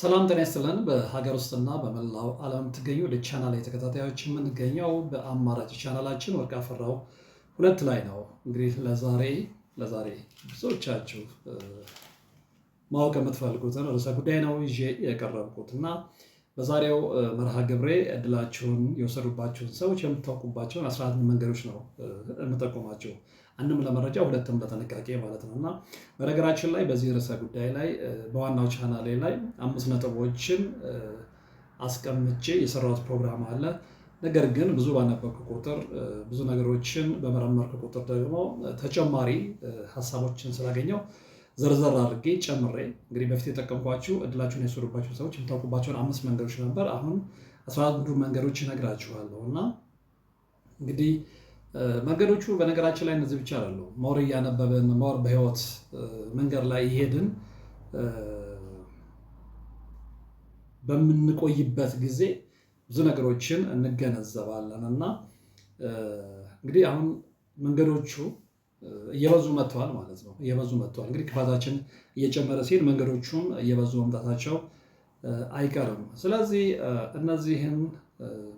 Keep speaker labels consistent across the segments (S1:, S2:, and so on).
S1: ሰላም ጤና ይስጥልን። በሀገር ውስጥና በመላው ዓለም የምትገኙ ወደ ቻናል ተከታታዮች የምንገኘው በአማራጭ ቻናላችን ወርቅ አፈራው ሁለት ላይ ነው። እንግዲህ ለዛሬ ለዛሬ ብዙዎቻችሁ ማወቅ የምትፈልጉትን ርዕሰ ጉዳይ ነው ይዤ የቀረብኩት እና በዛሬው መርሃ ግብሬ እድላችሁን የወሰዱባችሁን ሰዎች የምታውቁባቸውን አስራ አንድ መንገዶች ነው የምጠቁማቸው። አንድም ለመረጃ ሁለትም ለጥንቃቄ ማለት ነው። እና በነገራችን ላይ በዚህ ርዕሰ ጉዳይ ላይ በዋናው ቻናሌ ላይ አምስት ነጥቦችን አስቀምጬ የሰራሁት ፕሮግራም አለ። ነገር ግን ብዙ ባነበብኩ ቁጥር ብዙ ነገሮችን በመረመርኩ ቁጥር ደግሞ ተጨማሪ ሀሳቦችን ስላገኘው ዘርዘር አድርጌ ጨምሬ እንግዲህ በፊት የጠቀምኳችሁ እድላችሁን የወሰዱባችሁ ሰዎች የምታውቁባቸውን አምስት መንገዶች ነበር። አሁን አስራ አንዱ መንገዶች ይነግራችኋለሁ እና እንግዲህ መንገዶቹ በነገራችን ላይ እነዚህ ብቻ አሉ። ሞር እያነበብን ሞር በህይወት መንገድ ላይ ይሄድን በምንቆይበት ጊዜ ብዙ ነገሮችን እንገነዘባለን እና እንግዲህ አሁን መንገዶቹ እየበዙ መጥተዋል ማለት ነው። እየበዙ መጥተዋል እንግዲህ ክፋታችን እየጨመረ ሲሄድ መንገዶቹም እየበዙ መምጣታቸው አይቀርም። ስለዚህ እነዚህን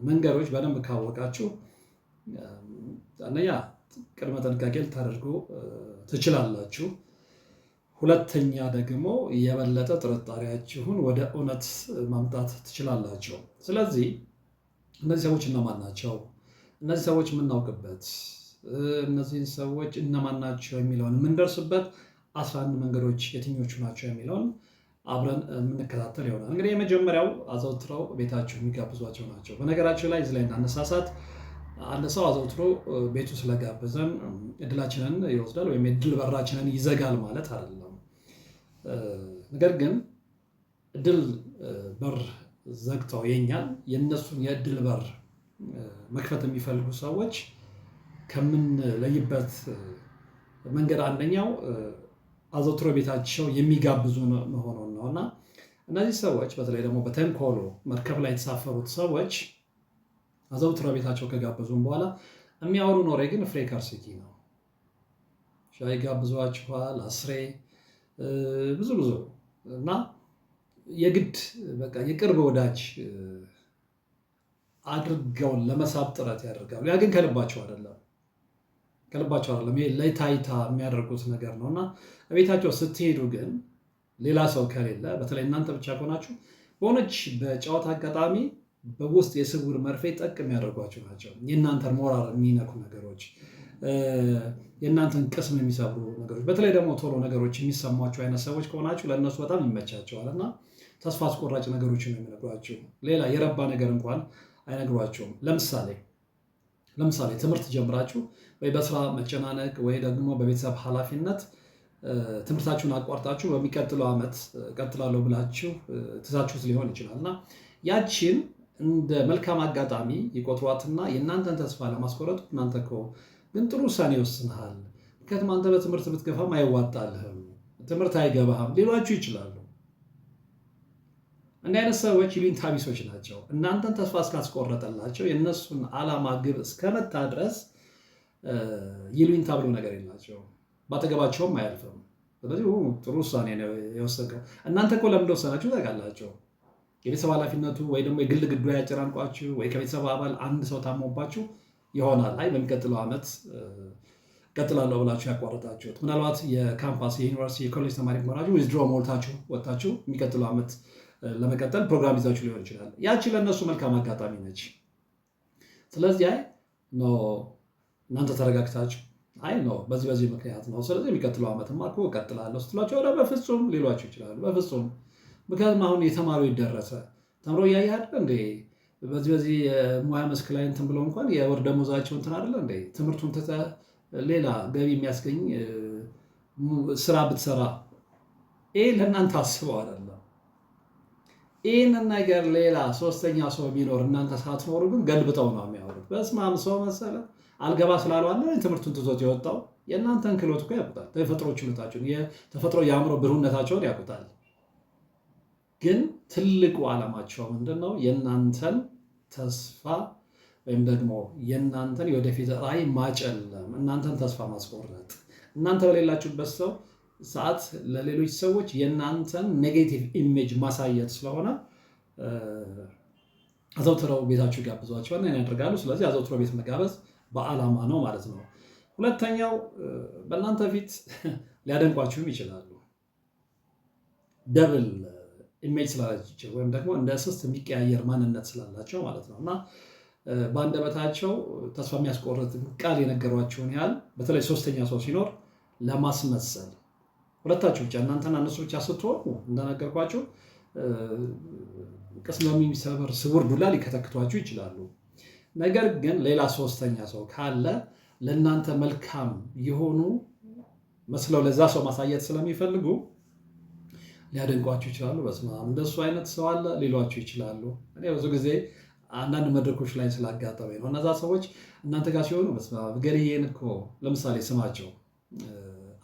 S1: መንገዶች በደንብ ካወቃችሁ አንደኛ ቅድመ ጥንቃቄ ልታደርጉ ትችላላችሁ። ሁለተኛ ደግሞ የበለጠ ጥርጣሬያችሁን ወደ እውነት ማምጣት ትችላላችሁ። ስለዚህ እነዚህ ሰዎች እነማን ናቸው? እነዚህ ሰዎች የምናውቅበት እነዚህን ሰዎች እነማን ናቸው የሚለውን የምንደርስበት አስራ አንድ መንገዶች የትኞቹ ናቸው የሚለውን አብረን የምንከታተል ይሆናል። እንግዲህ የመጀመሪያው አዘውትረው ቤታችሁ የሚጋብዟቸው ናቸው። በነገራችሁ ላይ እዚህ ላይ እናነሳሳት አንድ ሰው አዘውትሮ ቤቱ ስለጋበዘን እድላችንን ይወስዳል ወይም እድል በራችንን ይዘጋል ማለት አይደለም። ነገር ግን እድል በር ዘግተው የኛን የእነሱን የእድል በር መክፈት የሚፈልጉ ሰዎች ከምንለይበት መንገድ አንደኛው አዘውትሮ ቤታቸው የሚጋብዙ መሆኑን ነው እና እነዚህ ሰዎች በተለይ ደግሞ በተንኮሎ መርከብ ላይ የተሳፈሩት ሰዎች አዘውትረው ቤታቸው ከጋበዙን በኋላ የሚያወሩ ኖሬ ግን ፍሬ ሲቲ ነው። ሻይ ጋብዟችኋል፣ አስሬ ብዙ ብዙ እና የግድ በቃ የቅርብ ወዳጅ አድርገውን ለመሳብ ጥረት ያደርጋሉ። ያ ግን ከልባቸው አይደለም ከልባቸው አይደለም። ይሄ ለታይታ የሚያደርጉት ነገር ነው እና ቤታቸው ስትሄዱ ግን ሌላ ሰው ከሌለ፣ በተለይ እናንተ ብቻ ከሆናችሁ በሆነች በጨዋታ አጋጣሚ በውስጥ የስውር መርፌ ጠቅ የሚያደርጓቸው ናቸው። የእናንተን ሞራል የሚነኩ ነገሮች፣ የእናንተን ቅስም የሚሰብሩ ነገሮች፣ በተለይ ደግሞ ቶሎ ነገሮች የሚሰሟቸው አይነት ሰዎች ከሆናችሁ ለእነሱ በጣም ይመቻቸዋል እና ተስፋ አስቆራጭ ነገሮች ነው የሚነግሯቸው። ሌላ የረባ ነገር እንኳን አይነግሯቸውም። ለምሳሌ ለምሳሌ ትምህርት ጀምራችሁ ወይ በስራ መጨናነቅ ወይ ደግሞ በቤተሰብ ኃላፊነት ትምህርታችሁን አቋርጣችሁ በሚቀጥለው ዓመት ቀጥላለሁ ብላችሁ ትዛችሁት ሊሆን ይችላል እና ያቺን እንደ መልካም አጋጣሚ ይቆጥሯትና የእናንተን ተስፋ ለማስቆረጥ እናንተ እኮ ግን ጥሩ ውሳኔ ወስንሃል፣ ምክንያቱም አንተ በትምህርት ብትገፋም አይዋጣልህም፣ ትምህርት አይገባህም ሌሏችሁ ይችላሉ። እንዲህ አይነት ሰዎች ይሉኝታ ቢሶች ናቸው። እናንተን ተስፋ እስካስቆረጠላቸው የእነሱን ዓላማ ግብ እስከመታ ድረስ ይሉኝታ ብሎ ነገር የላቸው፣ ባጠገባቸውም አያልፍም። ስለዚህ ጥሩ ውሳኔ ነው የወሰድከው። እናንተ እኮ ለምን እንደወሰናችሁ ታውቃላቸው። የቤተሰብ ኃላፊነቱ ወይ ደግሞ የግል ግዱ ያጨራንቋችሁ ወይ ከቤተሰብ አባል አንድ ሰው ታሞባችሁ ይሆናል አይ በሚቀጥለው ዓመት ቀጥላለሁ ብላችሁ ያቋረጣችሁት ምናልባት የካምፓስ የዩኒቨርሲቲ የኮሌጅ ተማሪ መሆናችሁ ዊዝድሮ ሞልታችሁ ወጥታችሁ የሚቀጥለው ዓመት ለመቀጠል ፕሮግራም ይዛችሁ ሊሆን ይችላል። ያቺ ለእነሱ መልካም አጋጣሚ ነች። ስለዚህ አይ ነው እናንተ ተረጋግታችሁ አይ ነው በዚህ በዚህ ምክንያት ነው፣ ስለዚህ የሚቀጥለው ዓመት እኮ እቀጥላለሁ ስትሏቸው በፍጹም ሊሏቸው ይችላሉ። በፍጹም ምክንያቱም አሁን የተማሪው ይደረሰ ተምሮ እያየህ አይደል እንዴ? በዚህ በዚህ የሙያ መስክ ላይ እንትን ብለው እንኳን የወር ደመወዛቸው እንትን አይደለ እንዴ? ትምህርቱን ትተህ ሌላ ገቢ የሚያስገኝ ስራ ብትሰራ ይህ ለእናንተ አስበው አይደለም። ይህን ነገር ሌላ ሶስተኛ ሰው የሚኖር እናንተ ሳትኖሩ ግን ገልብጠው ነው የሚያወሩት። በስማም ሰው መሰለ አልገባ ስላለዋለ ትምህርቱን ትቶት የወጣው የእናንተን ክህሎት እኮ ያውቁታል። ተፈጥሮ ችሎታችሁን፣ የተፈጥሮ የአእምሮ ብሩህነታቸውን ያውቁታል። ግን ትልቁ ዓላማቸው ምንድን ነው? የእናንተን ተስፋ ወይም ደግሞ የእናንተን የወደፊት ራዕይ ማጨለም፣ እናንተን ተስፋ ማስቆረጥ፣ እናንተ በሌላችሁበት ሰው ሰዓት ለሌሎች ሰዎች የእናንተን ኔጌቲቭ ኢሜጅ ማሳየት ስለሆነ አዘውትረው ቤታችሁ ጋብዟቸዋል ና ያደርጋሉ። ስለዚህ አዘውትረው ቤት መጋበዝ በዓላማ ነው ማለት ነው። ሁለተኛው በእናንተ ፊት ሊያደንቋችሁም ይችላሉ ደብል ኢሜጅ ስላላቸው ወይም ደግሞ እንደ እስስት የሚቀያየር ማንነት ስላላቸው ማለት ነው እና በአንደበታቸው ተስፋ የሚያስቆርጥ ቃል የነገሯቸውን ያህል በተለይ ሶስተኛ ሰው ሲኖር ለማስመሰል ሁለታችሁ ብቻ እናንተና እነሱ ብቻ ስትሆኑ እንደነገርኳችሁ ቅስም የሚሰበር ስውር ዱላ ሊከተክቷችሁ ይችላሉ። ነገር ግን ሌላ ሶስተኛ ሰው ካለ ለእናንተ መልካም የሆኑ መስለው ለዛ ሰው ማሳየት ስለሚፈልጉ ሊያደንቋችሁ ይችላሉ። በስመ አብ እንደሱ አይነት ሰው አለ ሊሏችሁ ይችላሉ። እኔ ብዙ ጊዜ አንዳንድ መድረኮች ላይ ስላጋጠመ ነው። እነዛ ሰዎች እናንተ ጋር ሲሆኑ በስመ አብ ገሌን እኮ ለምሳሌ ስማቸው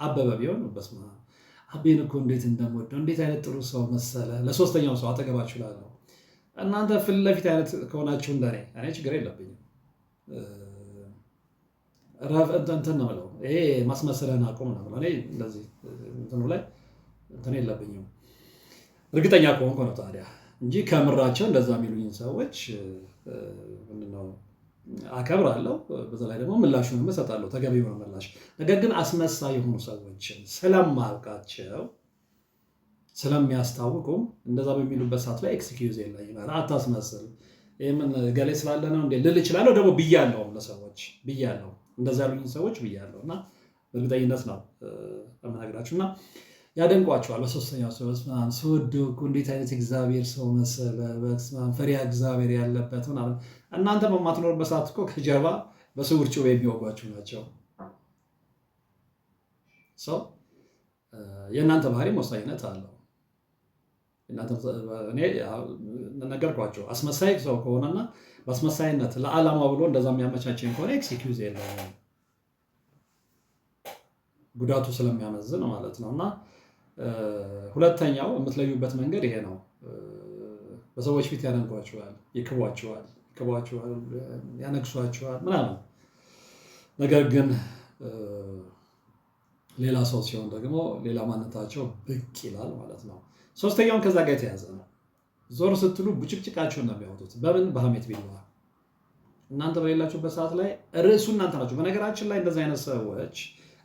S1: አበበ ቢሆን በስመ አብ አቤን እኮ እንዴት እንደምወደው እንዴት አይነት ጥሩ ሰው መሰለ። ለሶስተኛው ሰው አጠገባችሁ ላለው እናንተ ፊት ለፊት አይነት ከሆናችሁ እንደኔ እኔ ችግር የለብኝም እንትን ነው የምለው። ይሄ ማስመሰለን አቁም ነው የምለው እኔ እንደዚህ እንትኑ ላይ እንትን የለብኝም እርግጠኛ ከሆንኩ ነው ታዲያ እንጂ ከምራቸው እንደዛ የሚሉኝ ሰዎች ምንድነው አከብራለሁ። በዛ ላይ ደግሞ ምላሹን እሰጣለሁ፣ ተገቢ የሆነ ምላሽ። ነገር ግን አስመሳይ የሆኑ ሰዎችን ስለማውቃቸው ስለሚያስታውቁ እንደዛ በሚሉበት ሰዓት ላይ ኤክስኪውዝ የለኝም። አታስመስል፣ ይህምን ገሌ ስላለ ነው እንዴ ልል እችላለሁ። ደግሞ ብያለሁ፣ ለሰዎች ብያለሁ፣ እንደዛ ያሉኝ ሰዎች ብያለሁ እና እርግጠኝነት ነው የምነግራችሁ እና ያደንቋቸዋል። በሶስተኛው ሰው በስመአብ ስውድ እንዴት አይነት እግዚአብሔር ሰው መሰለ፣ በስመአብ ፈሪሃ እግዚአብሔር ያለበት ምናምን። እናንተ በማትኖርበት ሰዓት እኮ ከጀርባ በስውር ጭው የሚወጓችሁ ናቸው። ሰው የእናንተ ባህሪ ወሳኝነት አለው። ነገርኳቸው። አስመሳይ ሰው ከሆነና በአስመሳይነት ለዓላማ ብሎ እንደዛ የሚያመቻቸኝ ከሆነ ኤክስኪውዝ የለውም። ጉዳቱ ስለሚያመዝን ማለት ነው እና ሁለተኛው የምትለዩበት መንገድ ይሄ ነው። በሰዎች ፊት ያነጓችኋል፣ ይክቧችኋል፣ ይክቧችኋል፣ ያነግሷችኋል ምናምን። ነገር ግን ሌላ ሰው ሲሆን ደግሞ ሌላ ማንነታቸው ብቅ ይላል ማለት ነው። ሶስተኛውን ከዛ ጋር የተያዘ ነው። ዞር ስትሉ ብጭቅጭቃቸውን ነው የሚያወጡት። በምን በሐሜት ቢላ እናንተ በሌላችሁበት ሰዓት ላይ ርዕሱ እናንተ ናቸው። በነገራችን ላይ እንደዚህ አይነት ሰዎች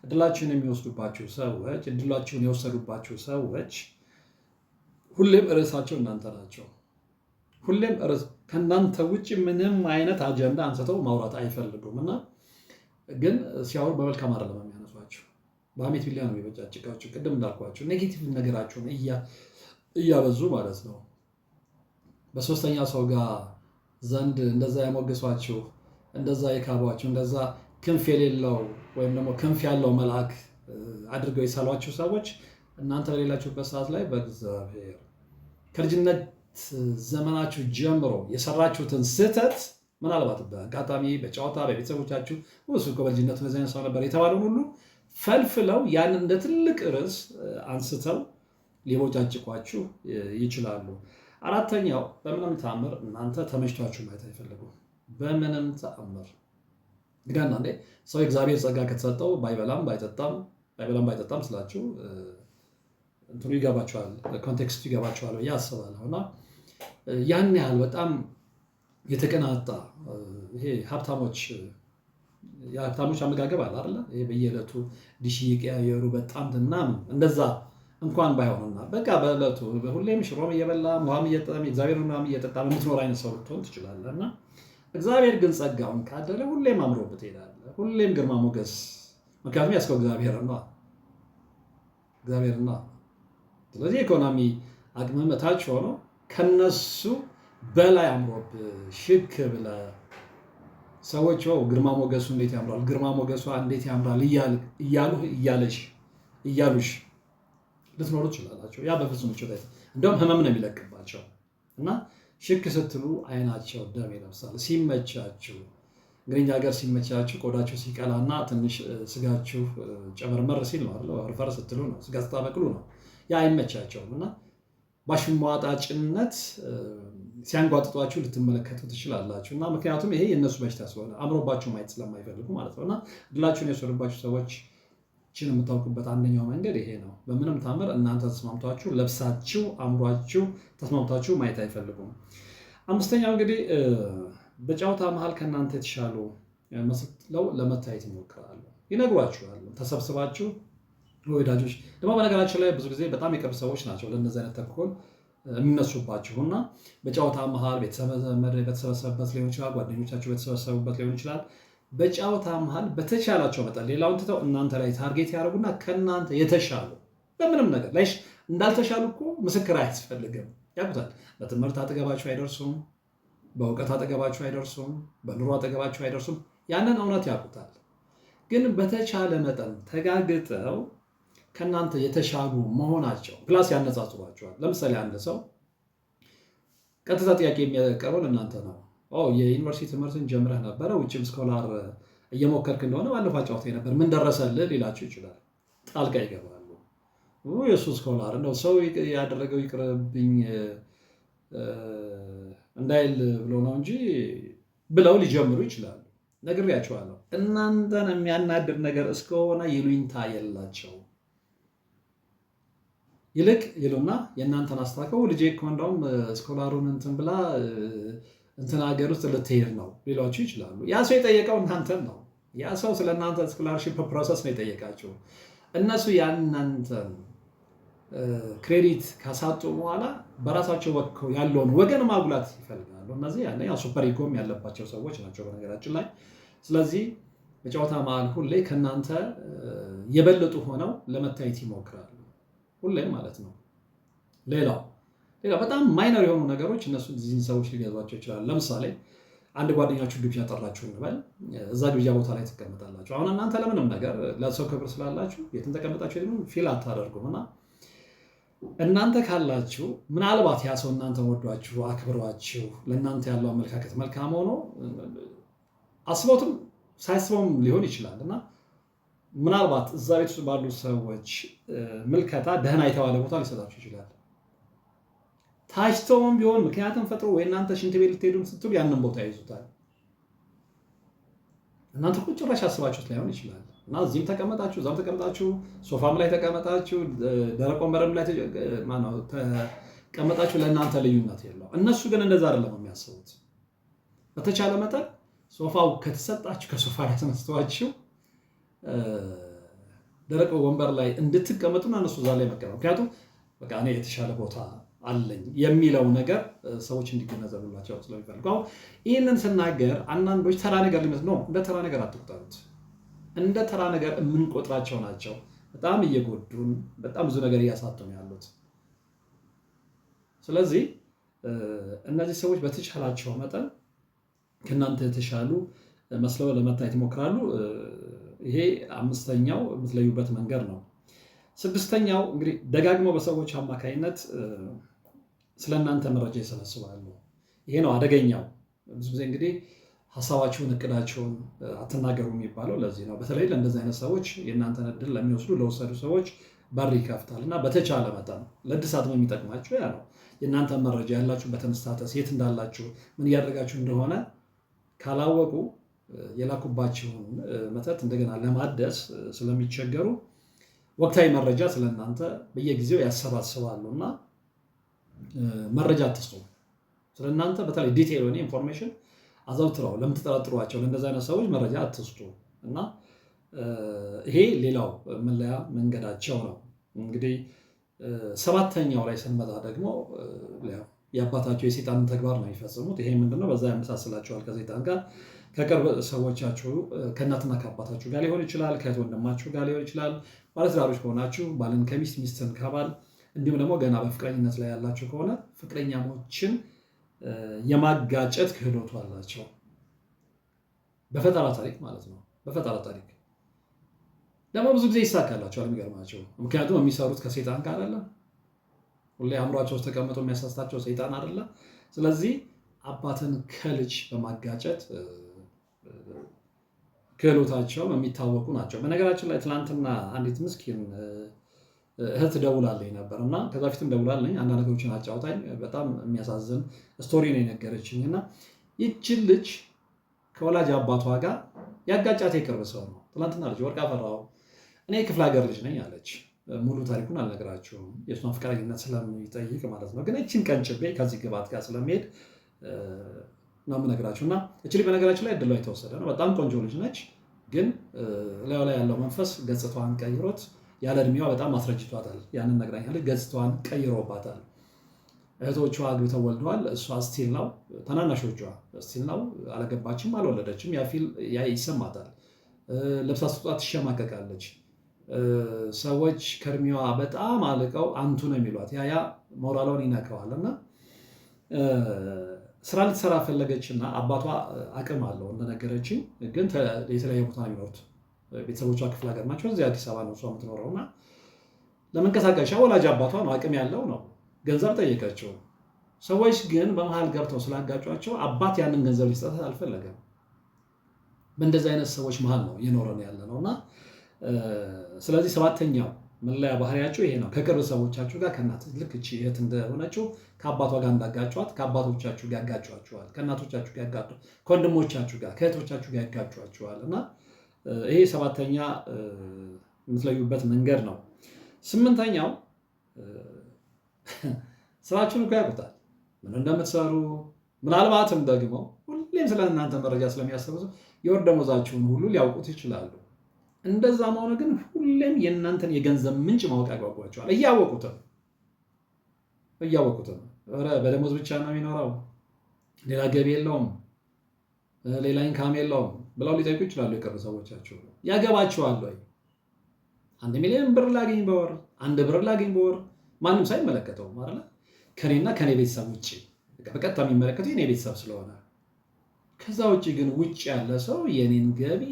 S1: እድላችሁን የሚወስዱባቸው ሰዎች እድላችሁን የወሰዱባቸው ሰዎች ሁሌም ርዕሳቸው እናንተ ናቸው። ሁሌም ርዕስ ከእናንተ ውጭ ምንም አይነት አጀንዳ አንስተው ማውራት አይፈልጉም እና ግን ሲያወሩ በመልካም አይደለም የሚያነሷቸው። በአሜት ቢላ ነው የሚበጫጭቃችሁ። ቅድም እንዳልኳቸው ኔጌቲቭ ነገራቸውን እያበዙ ማለት ነው። በሶስተኛ ሰው ጋር ዘንድ እንደዛ ያሞገሷችሁ፣ እንደዛ የካቧችሁ፣ እንደዛ ክንፍ የሌለው ወይም ደግሞ ክንፍ ያለው መልአክ አድርገው የሳሏችሁ ሰዎች እናንተ በሌላችሁበት ሰዓት ላይ በእግዚአብሔር ከልጅነት ዘመናችሁ ጀምሮ የሰራችሁትን ስህተት ምናልባት በአጋጣሚ በጨዋታ በቤተሰቦቻችሁ እሱ እኮ በልጅነቱ ሰው ነበር የተባለውን ሁሉ ፈልፍለው ያንን እንደ ትልቅ ርዕስ አንስተው ሊቦጫጭቋችሁ ይችላሉ። አራተኛው በምንም ተአምር እናንተ ተመችቷችሁ ማየት አይፈልጉም። በምንም ተአምር እንግዲህ እንዴ ሰው እግዚአብሔር ጸጋ ከተሰጠው ባይበላም ባይጠጣም ባይበላም ባይጠጣም ስላችሁ እንትኑ ይገባቸዋል፣ ኮንቴክስቱ ይገባቸዋል ብዬ አስባለሁ። እና ያን ያህል በጣም የተቀናጣ ይሄ ሀብታሞች የሀብታሞች አመጋገብ አለ አለ ይሄ በየዕለቱ ዲሽ እየቀያየሩ በጣም ምናምን እንደዛ እንኳን ባይሆንና በቃ በዕለቱ ሁሌም ሽሮም እየበላ ውሃም እየጠጣም እግዚአብሔር ምናምን እየጠጣ የምትኖር አይነት ሰው ልትሆን ትችላለህ እና እግዚአብሔር ግን ጸጋውን ካደለ ሁሌም አምሮበት ትሄዳለህ። ሁሌም ግርማ ሞገስ፣ ምክንያቱም ያስከው እግዚአብሔር ነው እግዚአብሔር ነው። ስለዚህ ኢኮኖሚ አቅም መታች ሆኖ ከነሱ በላይ አምሮብ ሽክ ብለ ሰዎች ው ግርማ ሞገሱ እንዴት ያምራል፣ ግርማ ሞገሱ እንዴት ያምራል እያሉ እያለሽ እያሉሽ ልትኖሩ ትችላላቸው። ያ በፍጹም ችለት እንደውም ህመም ነው የሚለቅባቸው እና ሽክ ስትሉ አይናቸው ደም ይለብሳል። ሲመቻችሁ እንግዲህ እኛ ሀገር ሲመቻችሁ ቆዳችሁ ሲቀላ ሲቀላና ትንሽ ስጋችሁ ጨመርመር ሲል ነው አለ ፈርፈር ስትሉ ነው ስጋ ስታበቅሉ ነው። ያ አይመቻቸውም እና ባሽሟጣጭነት ሲያንጓጥጧችሁ ልትመለከቱ ትችላላችሁ። እና ምክንያቱም ይሄ የእነሱ በሽታ ስለሆነ አምሮባችሁ ማየት ስለማይፈልጉ ማለት ነው እና ድላችሁን የወሰዱባችሁ ሰዎች ይችን የምታውቁበት አንደኛው መንገድ ይሄ ነው። በምንም ታምር እናንተ ተስማምታችሁ ለብሳችሁ አምሯችሁ ተስማምታችሁ ማየት አይፈልጉም። አምስተኛው እንግዲህ በጨዋታ መሀል ከእናንተ የተሻሉ መስለው ለመታየት ይሞክራሉ፣ ይነግሯችኋል። ተሰብስባችሁ ወዳጆች ደግሞ በነገራችን ላይ ብዙ ጊዜ በጣም የቅርብ ሰዎች ናቸው ለእነዚህ አይነት ተንኮል የሚነሱባችሁ እና በጨዋታ መሀል ቤተሰብ በተሰበሰበበት ሊሆን ይችላል፣ ጓደኞቻችሁ በተሰበሰቡበት ሊሆን ይችላል በጨዋታ መሀል በተቻላቸው መጠን ሌላውን ትተው እናንተ ላይ ታርጌት ያደርጉና ከእናንተ የተሻሉ በምንም ነገር ላይ እንዳልተሻሉ እኮ ምስክር አያስፈልግም። ያቁታል። በትምህርት አጠገባቸው አይደርሱም፣ በእውቀት አጠገባቸው አይደርሱም፣ በኑሮ አጠገባቸው አይደርሱም። ያንን እውነት ያውቁታል። ግን በተቻለ መጠን ተጋግጠው ከእናንተ የተሻሉ መሆናቸው ፕላስ ያነጻጽሯቸዋል። ለምሳሌ አንድ ሰው ቀጥታ ጥያቄ የሚያቀርበው ለእናንተ ነው የዩኒቨርሲቲ ትምህርትን ጀምረህ ነበረ ውጭም ስኮላር እየሞከርክ እንደሆነ ባለፈው አጫውተኝ ነበር፣ ምን ደረሰልህ ሊላቸው ይችላል። ጣልቃ ይገባሉ። የእሱ ስኮላር ነው ሰው ያደረገው ይቅርብኝ እንዳይል ብሎ ነው እንጂ ብለው ሊጀምሩ ይችላሉ። ነግሬያቸዋለሁ። እናንተን የሚያናድድ ነገር እስከሆነ ይሉኝታ የላቸው ይልቅ ይሉና የእናንተን አስታከው ልጄ እኮ እንደውም ስኮላሩን እንትን ብላ እንትን ሀገር ውስጥ ልትሄድ ነው ሊሏችሁ ይችላሉ። ያ ሰው የጠየቀው እናንተን ነው። ያ ሰው ስለ እናንተ ስኮላርሽፕ ፕሮሰስ ነው የጠየቃቸው። እነሱ ያናንተን ክሬዲት ካሳጡ በኋላ በራሳቸው ያለውን ወገን ማጉላት ይፈልጋሉ። እነዚህ ያ ሱፐር ኢጎም ያለባቸው ሰዎች ናቸው በነገራችን ላይ። ስለዚህ በጨዋታ መሀል ሁሌ ከእናንተ የበለጡ ሆነው ለመታየት ይሞክራሉ። ሁሌም ማለት ነው። ሌላው ሌላ በጣም ማይነር የሆኑ ነገሮች እነሱ እዚህን ሰዎች ሊገዟቸው ይችላል። ለምሳሌ አንድ ጓደኛችሁ ግብዣ ጠራችሁ እንበል። እዛ ግብዣ ቦታ ላይ ትቀመጣላችሁ። አሁን እናንተ ለምንም ነገር ለሰው ክብር ስላላችሁ የትም ተቀምጣችሁ ፊል አታደርጉም እና እናንተ ካላችሁ ምናልባት ያ ሰው እናንተ ወዷችሁ አክብሯችሁ ለእናንተ ያለው አመለካከት መልካም ሆኖ አስበውትም ሳያስበውም ሊሆን ይችላል እና ምናልባት እዛ ቤት ውስጥ ባሉ ሰዎች ምልከታ ደህና የተባለ ቦታ ሊሰጣችሁ ይችላል። ታችተውም ቢሆን ምክንያቱም ፈጥሮ ወይ እናንተ ሽንት ቤት ልትሄዱም ስትሉ ያንን ቦታ ይዙታል። እናንተ እኮ ጭራሽ አስባችሁት ላይሆን ይችላል። እና እዚህም ተቀመጣችሁ፣ እዛም ተቀመጣችሁ፣ ሶፋም ላይ ተቀመጣችሁ፣ ደረቅ ወንበርም ላይ ተቀመጣችሁ፣ ለእናንተ ልዩነት የለው። እነሱ ግን እንደዛ አይደለም የሚያስቡት። በተቻለ መጠን ሶፋው ከተሰጣችሁ ከሶፋ ላይ ተነስተዋችሁ ደረቅ ወንበር ላይ እንድትቀመጡና እነሱ እዛ ላይ መቀመጥ ምክንያቱም በቃ እኔ የተሻለ ቦታ አለኝ የሚለው ነገር ሰዎች እንዲገነዘቡላቸው ስለሚፈልገው ይህንን ስናገር አንዳንዶች ተራ ነገር ሊመስል ነው። እንደ ተራ ነገር አትቆጠሩት። እንደ ተራ ነገር የምንቆጥራቸው ናቸው በጣም እየጎዱን፣ በጣም ብዙ ነገር እያሳጡን ያሉት። ስለዚህ እነዚህ ሰዎች በተቻላቸው መጠን ከእናንተ የተሻሉ መስለው ለመታየት ይሞክራሉ። ይሄ አምስተኛው የምትለዩበት መንገድ ነው። ስድስተኛው እንግዲህ ደጋግመው በሰዎች አማካኝነት ስለ እናንተ መረጃ ይሰበስባሉ። ይሄ ነው አደገኛው። ብዙ ጊዜ እንግዲህ ሀሳባችሁን እቅዳችሁን አትናገሩ የሚባለው ለዚህ ነው። በተለይ ለእንደዚህ አይነት ሰዎች የእናንተን እድል ለሚወስዱ ለወሰዱ ሰዎች በር ይከፍታል እና በተቻለ መጠን ለእድሳት የሚጠቅማችሁ ያ ነው። የእናንተ መረጃ ያላችሁ በተመስታተስ የት እንዳላችሁ ምን እያደረጋችሁ እንደሆነ ካላወቁ የላኩባችሁን መተት እንደገና ለማደስ ስለሚቸገሩ ወቅታዊ መረጃ ስለእናንተ በየጊዜው ያሰባስባሉ እና መረጃ አትስጡ። ስለ እናንተ በተለይ ዲቴይል የሆነ ኢንፎርሜሽን አዘውትረው ለምትጠረጥሯቸው ለእንደዚ አይነት ሰዎች መረጃ አትስጡ እና ይሄ ሌላው መለያ መንገዳቸው ነው። እንግዲህ ሰባተኛው ላይ ስንመጣ ደግሞ የአባታቸው የሴጣንን ተግባር ነው የሚፈጽሙት። ይሄ ምንድነው? በዛ ያመሳስላቸዋል ከሴጣን ጋር ከቅርብ ሰዎቻችሁ ከእናትና ከአባታችሁ ጋር ሊሆን ይችላል፣ ከእህት ወንድማችሁ ጋር ሊሆን ይችላል። ባለትዳሮች ከሆናችሁ ባልን ከሚስት ሚስትን ከባል እንዲሁም ደግሞ ገና በፍቅረኝነት ላይ ያላቸው ከሆነ ፍቅረኛሞችን የማጋጨት ክህሎቱ አላቸው። በፈጠራ ታሪክ ማለት ነው። በፈጠራ ታሪክ ደግሞ ብዙ ጊዜ ይሳካላቸዋል። የሚገርማቸው ምክንያቱም የሚሰሩት ከሴጣን ጋር አይደለም። ሁሌ አእምሯቸው ውስጥ ተቀምጦ የሚያሳስታቸው ሴጣን አይደለም። ስለዚህ አባትን ከልጅ በማጋጨት ክህሎታቸው የሚታወቁ ናቸው። በነገራችን ላይ ትናንትና አንዲት ምስኪን እህት ደውላልኝ ነበር እና ከዛ ፊትም ደውላለኝ አንዳንድ ነገሮችን አጫውታኝ በጣም የሚያሳዝን ስቶሪ ነው የነገረችኝ እና ይችን ልጅ ከወላጅ አባቷ ጋር ያጋጫት የቅርብ ሰው ነው። ትናንትና ልጅ ወርቅ አፈራው እኔ ክፍለ ሀገር ልጅ ነኝ አለች። ሙሉ ታሪኩን አልነግራችሁም የእሷን ፈቃደኝነት ስለሚጠይቅ ማለት ነው። ግን እችን ቀን ጭቤ ከዚህ ግባት ጋር ስለሚሄድ ነው የምነግራችሁ እና እችል በነገራችን ላይ እድሏ የተወሰደ ነው። በጣም ቆንጆ ልጅ ነች። ግን ላዩ ላይ ያለው መንፈስ ገጽታዋን ቀይሮት ያለ እድሜዋ በጣም አስረጅቷታል። ያንን ነግራኛለች። ገጽታዋን ቀይሮባታል። እህቶቿ አግብተው ወልደዋል። እሷ ስቲል ነው ተናናሾቿ ስቲል ነው አላገባችም፣ አልወለደችም። ያ ይሰማታል። ለብሳ ስጧ ትሸማቀቃለች። ሰዎች ከእድሜዋ በጣም አልቀው አንቱ ነው የሚሏት። ያ ያ ሞራሏን ይነካዋል እና ስራ ልትሰራ ፈለገች እና አባቷ አቅም አለው እንደነገረችኝ፣ ግን የተለያየ ቦታ ነው የሚኖሩት ቤተሰቦቿ ክፍለ ሀገር ናቸው። እዚህ አዲስ አበባ ነው እሷ የምትኖረው እና ለመንቀሳቀሻ ወላጅ አባቷ ነው አቅም ያለው ነው ገንዘብ ጠየቀችው። ሰዎች ግን በመሀል ገብተው ስላጋጯቸው አባት ያንን ገንዘብ ሊሰጣት አልፈለገም። በእንደዚህ አይነት ሰዎች መሀል ነው እየኖረን ያለ ነው እና ስለዚህ ሰባተኛው መለያ ባህሪያቸው ይሄ ነው። ከቅርብ ሰዎቻችሁ ጋር ከእናት ልክ እቺ እህት እንደሆነችው ከአባቷ ጋር እንዳጋጫት ከአባቶቻችሁ ጋር ያጋጫችኋል፣ ከእናቶቻችሁ ጋር ያጋ ከወንድሞቻችሁ ጋር ከእህቶቻችሁ ጋር ያጋጫችኋል እና ይሄ ሰባተኛ የምትለዩበት መንገድ ነው። ስምንተኛው ስራችሁን እኮ ያውቁታል፣ ምን እንደምትሰሩ ምናልባትም ደግሞ ሁሌም ስለ እናንተ መረጃ ስለሚያሰበሱ የወር ደመወዛችሁን ሁሉ ሊያውቁት ይችላሉ። እንደዛ መሆኑ ግን ሁሌም የእናንተን የገንዘብ ምንጭ ማወቅ ያጓጓቸዋል። እያወቁትም እያወቁትም በደሞዝ ብቻ ነው የሚኖረው ሌላ ገቢ የለውም ሌላ ኢንካም የለውም ብለው ሊጠይቁ ይችላሉ። የቅርብ ሰዎቻቸው ያገባቸዋል ወይ? አንድ ሚሊዮን ብር ላገኝ በወር አንድ ብር ላገኝ በወር ማንም ሳይመለከተው አይደለ? ከኔና ከኔ ቤተሰብ ውጭ በቀጥታ የሚመለከተው የኔ ቤተሰብ ስለሆነ፣ ከዛ ውጭ ግን ውጭ ያለ ሰው የኔን ገቢ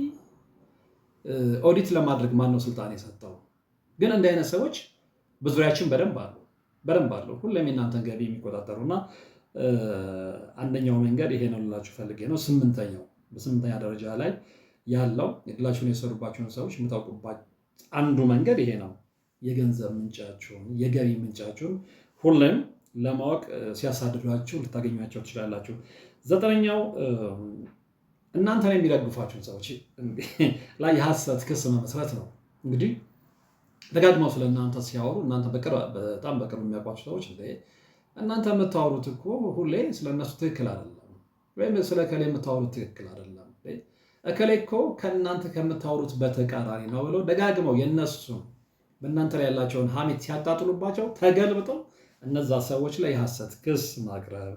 S1: ኦዲት ለማድረግ ማን ነው ስልጣን የሰጠው? ግን እንዲህ አይነት ሰዎች በዙሪያችን በደንብ አሉ፣ በደንብ አሉ። ሁሌም የእናንተን ገቢ የሚቆጣጠሩና አንደኛው መንገድ ይሄ ነው ልላችሁ ፈልጌ ነው። ስምንተኛው በስምንተኛ ደረጃ ላይ ያለው የግላችሁን የሰሩባቸውን ሰዎች የምታውቁባት አንዱ መንገድ ይሄ ነው። የገንዘብ ምንጫችሁን የገቢ ምንጫችሁን ሁሌም ለማወቅ ሲያሳድዷችሁ ልታገኟቸው ትችላላችሁ። ዘጠነኛው እናንተን የሚደግፏችሁን ሰዎች ላይ የሐሰት ክስ መመስረት ነው። እንግዲህ ደጋግመው ስለ እናንተ ሲያወሩ እናንተ በጣም በቅርብ የሚያውቋቸው ሰዎች እናንተ የምታወሩት እኮ ሁሌ ስለ እነሱ ትክክል አይደለም፣ ወይም ስለ እከሌ የምታወሩት ትክክል አይደለም፣ እከሌ እኮ ከእናንተ ከምታወሩት በተቃራኒ ነው ብለው ደጋግመው የእነሱን በእናንተ ላይ ያላቸውን ሀሚት ሲያጣጥሉባቸው ተገልብጠው እነዛ ሰዎች ላይ የሐሰት ክስ ማቅረብ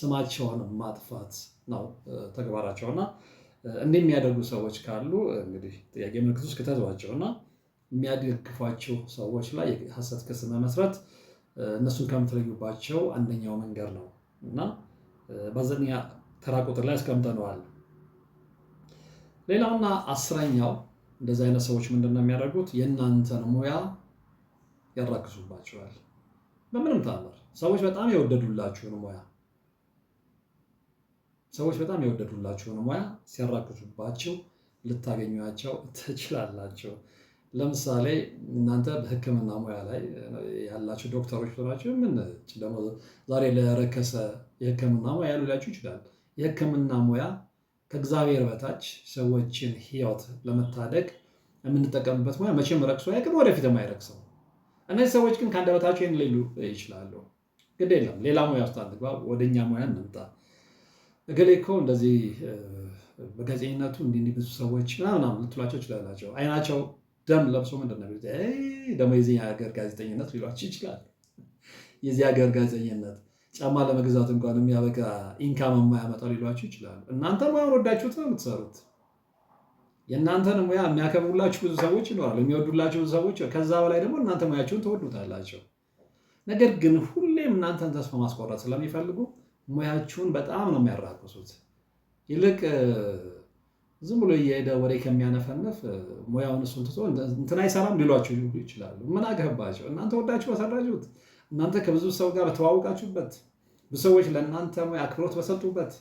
S1: ስማቸውን ማጥፋት ነው ተግባራቸውና እንዲህ የሚያደርጉ ሰዎች ካሉ እንግዲህ ጥያቄ ምልክት ውስጥ እና የሚያደግፏቸው ሰዎች ላይ የሐሰት ክስ መመስረት እነሱን ከምትለዩባቸው አንደኛው መንገድ ነው እና በዘጠነኛ ተራ ቁጥር ላይ አስቀምጠነዋል። ሌላውና አስረኛው እንደዚህ አይነት ሰዎች ምንድን ነው የሚያደርጉት? የእናንተን ሙያ ያራክሱባቸዋል። በምንም ታምር ሰዎች በጣም የወደዱላችሁን ሙያ ሰዎች በጣም የወደዱላችሁን ሙያ ሲያራክሱባችሁ ልታገኟቸው ትችላላቸው። ለምሳሌ እናንተ በሕክምና ሙያ ላይ ያላችሁ ዶክተሮች ሆናችሁ ምን ደግሞ ዛሬ ለረከሰ የሕክምና ሙያ ሊላችሁ ይችላል። የሕክምና ሙያ ከእግዚአብሔር በታች ሰዎችን ሕይወት ለመታደግ የምንጠቀምበት ሙያ መቼም ረክሶ አይቅም፣ ወደፊት አይረክሰው። እነዚህ ሰዎች ግን ከአንደበታቸው ይህን ሊሉ ይችላሉ። ግድ የለም ሌላ ሙያ ውስጥ አንግባ፣ ወደኛ ሙያ እንምጣ። እገሌ እኮ እንደዚህ በጋዜጠኝነቱ እንዲህ ብዙ ሰዎች ምናምን ልትሏቸው ይችላላቸው አይናቸው ደም ለብሶ ምንድን ነው ደግሞ የዚህ ሀገር ጋዜጠኝነት ሊሏቸው ይችላል። የዚህ ሀገር ጋዜጠኝነት ጫማ ለመግዛት እንኳን የሚያበቃ ኢንካም የማያመጣ ሊሏቸው ይችላል። እናንተ ሙያ ወዳችሁት ነው የምትሰሩት። የእናንተን ሙያ የሚያከብሩላችሁ ብዙ ሰዎች ይኖራሉ፣ የሚወዱላችሁ ብዙ ሰዎች። ከዛ በላይ ደግሞ እናንተ ሙያችሁን ትወዱታላቸው። ነገር ግን ሁሌም እናንተን ተስፋ ማስቆረጥ ስለሚፈልጉ ሙያችሁን በጣም ነው የሚያራቅሱት። ይልቅ ዝም ብሎ እየሄደ ወሬ ከሚያነፈነፍ ሙያውን እሱን ትቶ እንትን አይሰራም ሊሏቸው ይችላሉ። ምን አገባቸው? እናንተ ወዳችሁ በሰራችሁት፣ እናንተ ከብዙ ሰው ጋር በተዋወቃችሁበት፣ ብሰዎች ለእናንተ ሙያ አክብሮት በሰጡበት።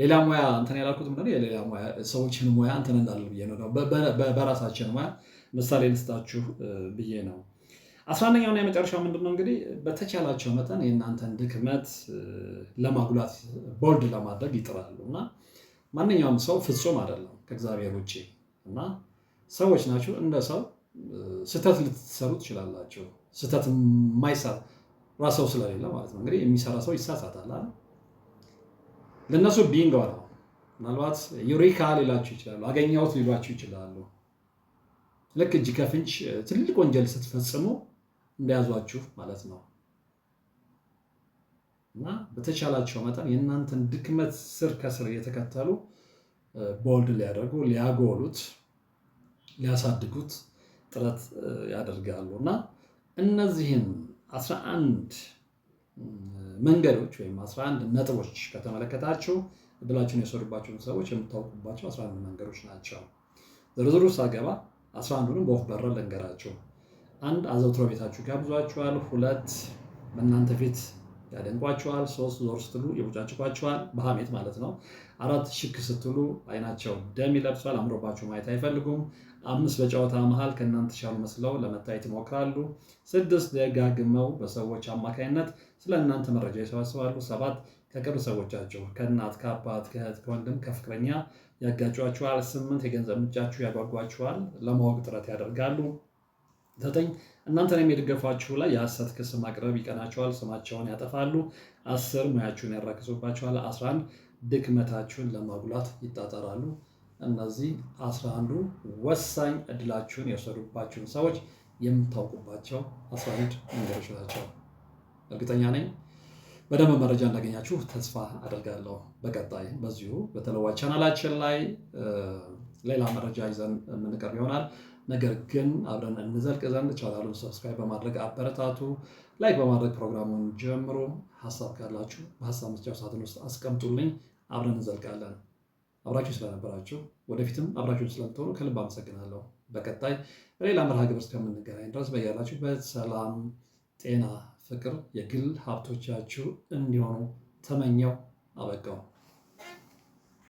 S1: ሌላ ሙያ እንትን ያላልኩት ምንድን ነው የሌላ ሙያ ሰዎችን ሙያ እንትን እንዳለ ብዬ ነው። በራሳችን ሙያ ምሳሌ ልስጣችሁ ብዬ ነው። አስራ አንደኛውና የመጨረሻው ምንድነው እንግዲህ በተቻላቸው መጠን የእናንተን ድክመት ለማጉላት ቦልድ ለማድረግ ይጥራሉ እና ማንኛውም ሰው ፍጹም አይደለም ከእግዚአብሔር ውጭ እና ሰዎች ናቸው እንደ ሰው ስህተት ልትሰሩ ትችላላቸው ስህተት የማይሰራ ሰው ስለሌለ ማለት ነው። እንግዲህ የሚሰራ ሰው ይሳሳታል። ለእነሱ ቢንግ ዋ ምናልባት ዩሪካ ሊላችሁ ይችላሉ። አገኘሁት ሊሏችሁ ይችላሉ። ልክ እጅ ከፍንጭ ትልቅ ወንጀል ስትፈጽሙ እንደያዟችሁ ማለት ነው። እና በተቻላቸው መጠን የእናንተን ድክመት ስር ከስር እየተከተሉ ቦልድ ሊያደርጉ ሊያጎሉት፣ ሊያሳድጉት ጥረት ያደርጋሉ እና እነዚህን 11 መንገዶች ወይም 11 ነጥቦች ከተመለከታችሁ እድላችሁን የሰሩባቸውን ሰዎች የምታውቁባቸው 11 መንገዶች ናቸው። ዝርዝሩ ሳገባ 11ዱንም በወፍ በረር ልንገራችሁ። አንድ አዘውትሮ ቤታችሁ ጋብዟችኋል። ሁለት በእናንተ ፊት ያደንቋችኋል። ሶስት ዞር ስትሉ የቦጫጭቋችኋል፣ በሀሜት ማለት ነው። አራት ሽክ ስትሉ አይናቸው ደም ይለብሷል፣ አምሮባችሁ ማየት አይፈልጉም። አምስት በጨዋታ መሃል ከእናንተ ሻሉ መስለው ለመታየት ይሞክራሉ። ስድስት ደጋግመው በሰዎች አማካኝነት ስለ እናንተ መረጃ ይሰባስባሉ። ሰባት ከቅርብ ሰዎቻችሁ ከእናት፣ ከአባት፣ ከእህት፣ ከወንድም፣ ከፍቅረኛ ያጋጯችኋል። ስምንት የገንዘብ ምንጫችሁ ያጓጓችኋል፣ ለማወቅ ጥረት ያደርጋሉ። ዘጠኝ እናንተንም የደገፏችሁ ላይ የሐሰት ክስ ማቅረብ ይቀናቸዋል፣ ስማቸውን ያጠፋሉ። አስር ሙያችሁን ያራክሱባቸዋል። አስራ አንድ ድክመታችሁን ለማጉላት ይጣጠራሉ። እነዚህ አስራ አንዱ ወሳኝ እድላችሁን የወሰዱባችሁን ሰዎች የምታውቁባቸው አስራ አንድ መንገዶች ናቸው። እርግጠኛ ነኝ በደንብ መረጃ እንዳገኛችሁ ተስፋ አደርጋለሁ። በቀጣይ በዚሁ በተለዋ ቻናላችን ላይ ሌላ መረጃ ይዘን የምንቀርብ ይሆናል። ነገር ግን አብረን እንዘልቅ ዘንድ ቻናሉን ሰብስክራይብ በማድረግ አበረታቱ። ላይክ በማድረግ ፕሮግራሙን ጀምሮ ሀሳብ ካላችሁ በሀሳብ መስጫው ሳጥን ውስጥ አስቀምጡልኝ። አብረን እንዘልቃለን። አብራችሁ ስለነበራችሁ ወደፊትም አብራችሁን ስለምትሆኑ ከልብ አመሰግናለሁ። በቀጣይ በሌላ መርሃ ግብር እስከምንገናኝ ድረስ በያላችሁበት ሰላም፣ ጤና፣ ፍቅር የግል ሀብቶቻችሁ እንዲሆኑ ተመኘው። አበቃው።